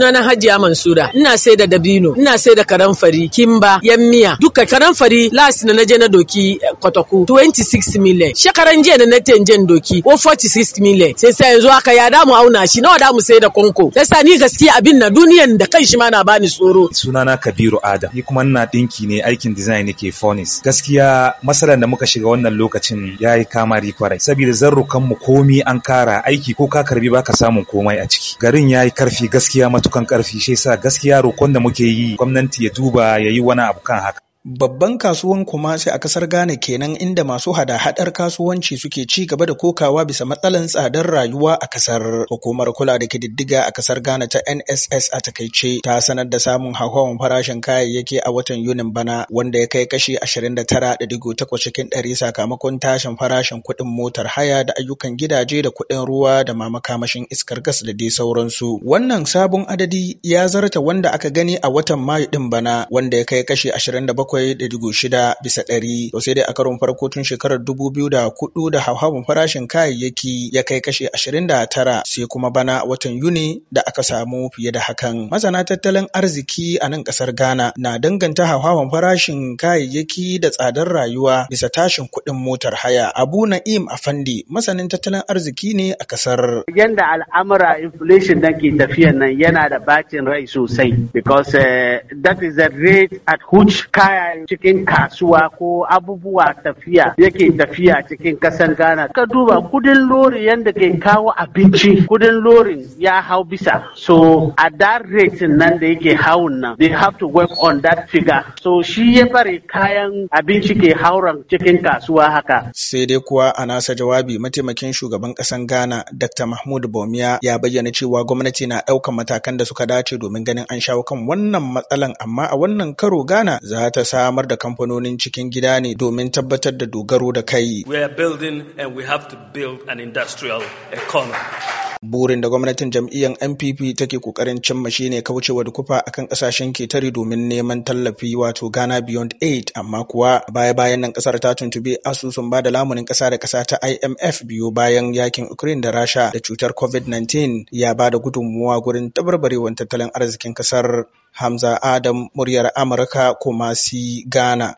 na Hajiya Mansura, ina sai da dabino, ina sai da Fari, kimba, yan miya, duka Fari, last na naje na doki eh, kwataku 26 million. Shekaran jiya na na tenjen doki ko 46 million. Sai sai yanzu aka ya mu auna shi, nawa mu sai da konko. Sai sa ni gaskiya abin na duniyan da kan shi ma na bani tsoro. Sunana Kabiru Adam, ni kuma ina dinki ne aikin design nake Fonis. Gaskiya masalan da muka shiga wannan lokacin yayi kamari kwarai. Saboda zarrukan mu komi an kara aiki ko ka karbi baka samun komai a ciki. Garin yayi karfi gaskiya gaskiya matukan karfi shi yasa gaskiya roƙon da muke yi gwamnati ya duba ya yi wani abu kan haka Babban kasuwan Kumasi a kasar Ghana kenan inda masu hada-hadar kasuwanci suke ci gaba da kokawa bisa matsalan tsadar rayuwa a kasar. Hukumar kula da kididdiga a kasar Ghana ta NSS a takaice ta sanar da samun hauhawan farashin kayayyaki a watan Yunin bana wanda ya kai kashi 29.8 cikin ɗari sakamakon tashin farashin kuɗin motar haya da ayyukan gidaje da kuɗin ruwa da ma makamashin iskar gas da dai sauransu. Wannan sabon adadi ya zarta wanda aka gani a watan Mayu din bana wanda ya kai kashi 27 bakwai da digo shida bisa ɗari. To sai dai a farko tun shekarar dubu biyu da kuɗu da hauhawun farashin kayayyaki ya kai kashe ashirin da tara sai kuma bana watan Yuni da aka samu fiye da hakan. Masana tattalin arziki a nan ƙasar Ghana na danganta hauhawun farashin kayayyaki da tsadar rayuwa bisa tashin kuɗin motar haya. Abu Na'im Afandi masanin tattalin arziki ne a ƙasar. Yanda al'amura inflation da ke tafiyan nan yana da bacin rai sosai because uh, that is the rate at which kaya baya cikin kasuwa ko abubuwa tafiya yake tafiya cikin kasan Ghana. Ka duba kudin lori yadda ke kawo abinci kudin lorin ya hau bisa. So a that rate nan da yake hau nan they have to work on that figure. So shi ya bari kayan abinci ke hauran cikin kasuwa haka. Sai dai kuwa a nasa jawabi mataimakin shugaban kasan Ghana Dr. Mahmud bomiya ya bayyana cewa gwamnati na ɗaukan matakan da suka dace domin ganin an shawo kan wannan matsalan amma a wannan karo Ghana za ta samar da kamfanonin cikin gida ne domin tabbatar da dogaro da kai. We are building and we have to build an industrial economy. Burin da gwamnatin jam'iyyar NPP take kokarin cimma shine kaucewa dukufa akan ƙasashen ketare domin neman tallafi wato Ghana Beyond Aid amma kuwa baya-bayan nan ƙasar ta tuntubi asusun ba da lamunin ƙasa da ƙasa ta IMF biyu bayan yakin Ukraine da Rasha da cutar COVID-19 ya ba da gudunmuwa gurin tabarbarewar tattalin arzikin ƙasar. Hamza Adam muryar Amurka kuma si Ghana.